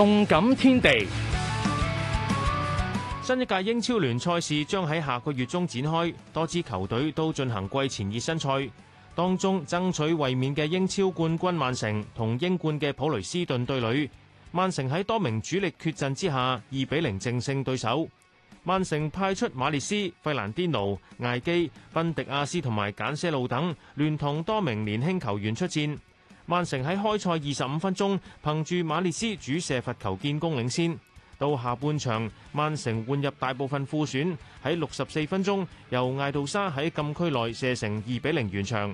動感天地，新一屆英超聯賽事將喺下個月中展開，多支球隊都進行季前熱身賽。當中爭取衛冕嘅英超冠軍曼城同英冠嘅普雷斯頓對壘。曼城喺多名主力缺陣之下，二比零淨勝對手。曼城派出馬列斯、費蘭迪奴、艾基、賓迪亞斯同埋簡些路等，聯同多名年輕球員出戰。曼城喺開賽二十五分鐘，憑住馬列斯主射罰球建功領先。到下半場，曼城換入大部分副選，喺六十四分鐘，由艾度沙喺禁區內射成二比零完場。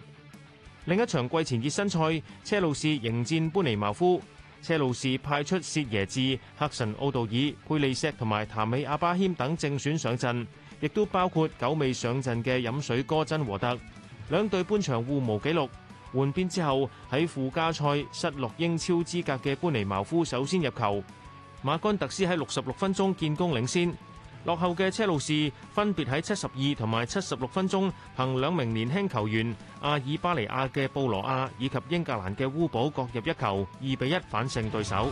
另一場季前熱身賽，車路士迎戰般尼茅夫。車路士派出薛耶治、黑神奧道爾、佩利錫同埋譚美阿巴謙等正選上陣，亦都包括久未上陣嘅飲水哥真和特。兩隊半場互無紀錄。換邊之後，喺附加賽失落英超資格嘅般尼茅夫首先入球，馬干特斯喺六十六分鐘建功領先。落後嘅車路士分別喺七十二同埋七十六分鐘，憑兩名年輕球員阿爾巴尼亞嘅布羅亞以及英格蘭嘅烏堡各入一球，二比一反勝對手。